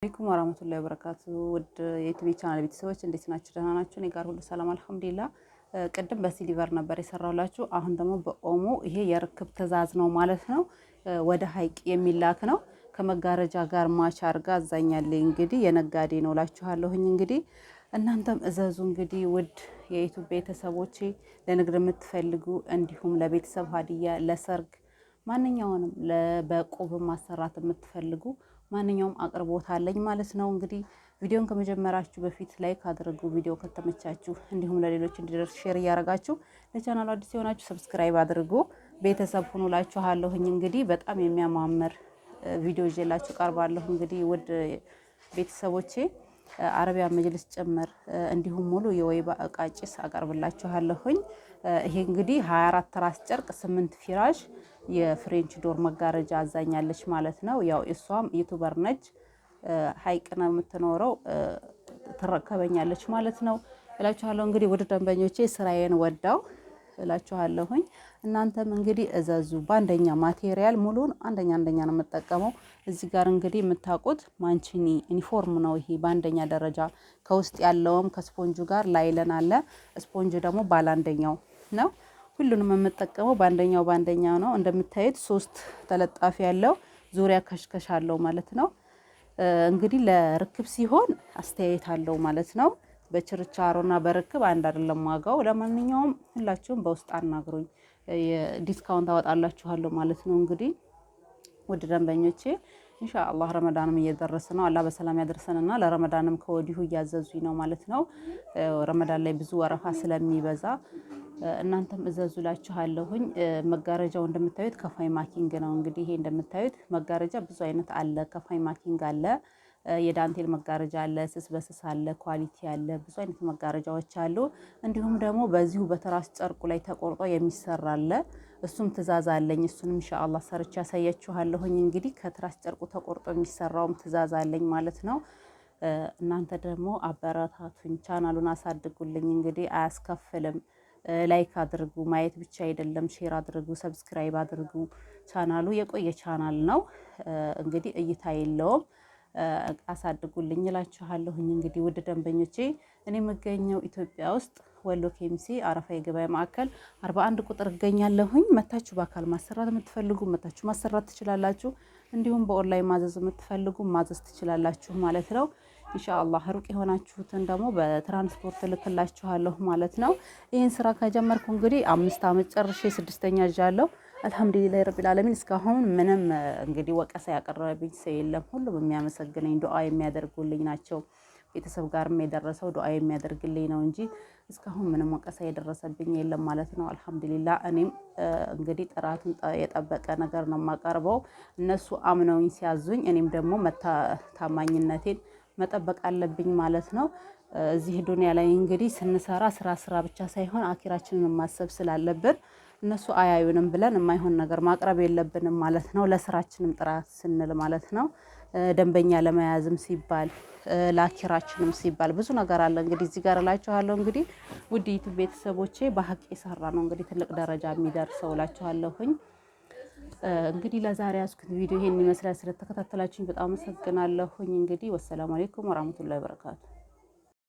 አለይኩም ወራህመቱላሂ ወበረካቱ ውድ የዩቲዩብ ቻናል ቤተሰቦች እንዴት ናችሁ? ደህና ናችሁ? እኔ ጋር ሁሉ ሰላም አልሐምዱሊላ። ቅድም በሲሊቨር ነበር የሰራውላችሁ። አሁን ደግሞ በኦሞ ይሄ የርክብ ትእዛዝ ነው ማለት ነው። ወደ ሀይቅ የሚላክ ነው ከመጋረጃ ጋር ማች አርጋ አዛኛለኝ። እንግዲህ የነጋዴ ነው ላችኋለሁኝ። እንግዲህ እናንተም እዘዙ። እንግዲህ ውድ የዩቲዩብ ቤተሰቦቼ ለንግድ የምትፈልጉ እንዲሁም ለቤተሰብ ሀዲያ ለሰርግ ማንኛውንም ለበቆብ ማሰራት የምትፈልጉ ማንኛውም አቅርቦት አለኝ ማለት ነው። እንግዲህ ቪዲዮን ከመጀመራችሁ በፊት ላይክ አድርጉ፣ ቪዲዮ ከተመቻችሁ እንዲሁም ለሌሎች እንዲደርስ ሼር እያደረጋችሁ ለቻናሉ አዲስ የሆናችሁ ሰብስክራይብ አድርጉ፣ ቤተሰብ ሁኑላችኋለሁኝ። እንግዲህ በጣም የሚያማምር ቪዲዮ ይዤላችሁ ቀርባለሁ። እንግዲህ ውድ ቤተሰቦቼ አረቢያ መጅልስ ጭምር እንዲሁም ሙሉ የወይባ እቃ ጭስ አቀርብላችኋለሁኝ። ይሄ እንግዲህ 24 ራስ ጨርቅ፣ 8 ፊራሽ የፍሬንች ዶር መጋረጃ አዛኛለች ማለት ነው። ያው እሷም ዩቱበር ነች፣ ሀይቅ ነው የምትኖረው፣ ትረከበኛለች ማለት ነው እላችኋለሁ። እንግዲህ ውድ ደንበኞቼ ስራዬን ወዳው እላችኋለሁኝ። እናንተም እንግዲህ እዘዙ። በአንደኛ ማቴሪያል ሙሉን አንደኛ አንደኛ ነው የምጠቀመው። እዚህ ጋር እንግዲህ የምታውቁት ማንችኒ ዩኒፎርም ነው ይሄ በአንደኛ ደረጃ ከውስጥ ያለውም ከስፖንጁ ጋር ላይለን አለ። ስፖንጁ ደግሞ ባለ አንደኛው ነው። ሁሉንም የምጠቀመው በአንደኛው በአንደኛው ነው። እንደምታዩት ሶስት ተለጣፊ ያለው ዙሪያ ከሽከሽ አለው ማለት ነው። እንግዲህ ለርክብ ሲሆን አስተያየት አለው ማለት ነው። በችርቻሮና በርክብ አንድ አይደለም ዋጋው። ለማንኛውም ሁላችሁም በውስጥ አናግሩኝ፣ ዲስካውንት አወጣላችኋለሁ ማለት ነው። እንግዲህ ውድ ደንበኞቼ እንሻ አላህ ረመዳንም እየደረሰ ነው። አላህ በሰላም ያደርሰንና ለረመዳንም ከወዲሁ እያዘዙኝ ነው ማለት ነው። ረመዳን ላይ ብዙ ወረፋ ስለሚበዛ እናንተም እዘዙ ላችኋለሁኝ። መጋረጃው እንደምታዩት ከፋይ ማኪንግ ነው። እንግዲህ ይሄ እንደምታዩት መጋረጃ ብዙ አይነት አለ። ከፋይ ማኪንግ አለ፣ የዳንቴል መጋረጃ አለ፣ ስስ በስስ አለ፣ ኳሊቲ አለ። ብዙ አይነት መጋረጃዎች አሉ። እንዲሁም ደግሞ በዚሁ በትራስ ጨርቁ ላይ ተቆርጦ የሚሰራ አለ። እሱም ትእዛዝ አለኝ። እሱንም ኢንሻአላህ ሰርቼ ያሳያችኋለሁኝ። እንግዲህ ከትራስ ጨርቁ ተቆርጦ የሚሰራውም ትእዛዝ አለኝ ማለት ነው። እናንተ ደግሞ አበረታቱኝ፣ ቻናሉን አሳድጉልኝ። እንግዲህ አያስከፍልም ላይክ አድርጉ። ማየት ብቻ አይደለም፣ ሼር አድርጉ፣ ሰብስክራይብ አድርጉ። ቻናሉ የቆየ ቻናል ነው። እንግዲህ እይታ የለውም፣ አሳድጉልኝ እላችኋለሁኝ። እንግዲህ ውድ ደንበኞቼ እኔ የምገኘው ኢትዮጵያ ውስጥ ወሎ ኬሚሴ አረፋ የገበያ ማዕከል 41 ቁጥር እገኛለሁኝ። መታችሁ በአካል ማሰራት የምትፈልጉ መታችሁ ማሰራት ትችላላችሁ። እንዲሁም በኦንላይን ማዘዝ የምትፈልጉ ማዘዝ ትችላላችሁ ማለት ነው። ኢንሻአላህ ሩቅ የሆናችሁትን ደግሞ በትራንስፖርት ልክላችኋለሁ ማለት ነው። ይህን ስራ ከጀመርኩ እንግዲህ አምስት ዓመት ጨርሼ ስድስተኛ እዣለሁ። አልሐምዱሊላህ ረቢል ዓለሚን እስካሁን ምንም እንግዲህ ወቀሳ ያቀረበብኝ ሰው የለም። ሁሉም የሚያመሰግነኝ ዱዓ የሚያደርጉልኝ ናቸው። ቤተሰብ ጋርም የደረሰው ዱዓ የሚያደርግልኝ ነው እንጂ እስካሁን ምንም ወቀሳ የደረሰብኝ የለም ማለት ነው። አልሐምዱሊላህ እኔም እንግዲህ ጥራቱን የጠበቀ ነገር ነው የማቀርበው። እነሱ አምነውኝ ሲያዙኝ እኔም ደግሞ ታማኝነቴን መጠበቅ አለብኝ ማለት ነው። እዚህ ዱንያ ላይ እንግዲህ ስንሰራ ስራ ስራ ብቻ ሳይሆን አኪራችንን ማሰብ ስላለብን እነሱ አያዩንም ብለን የማይሆን ነገር ማቅረብ የለብንም ማለት ነው። ለስራችንም ጥራት ስንል ማለት ነው። ደንበኛ ለመያዝም ሲባል ለአኪራችንም ሲባል ብዙ ነገር አለ። እንግዲህ እዚህ ጋር እላችኋለሁ እንግዲህ ውድ ቤተሰቦቼ በሀቅ የሰራ ነው እንግዲህ ትልቅ ደረጃ የሚደርሰው እላችኋለሁኝ። እንግዲህ ለዛሬ ያስኩት ቪዲዮ ይሄን ይመስላል። ስለተከታተላችሁኝ በጣም አመሰግናለሁኝ። እንግዲህ ወሰላሙ አሌይኩም ወራህመቱላሂ ወበረካቱ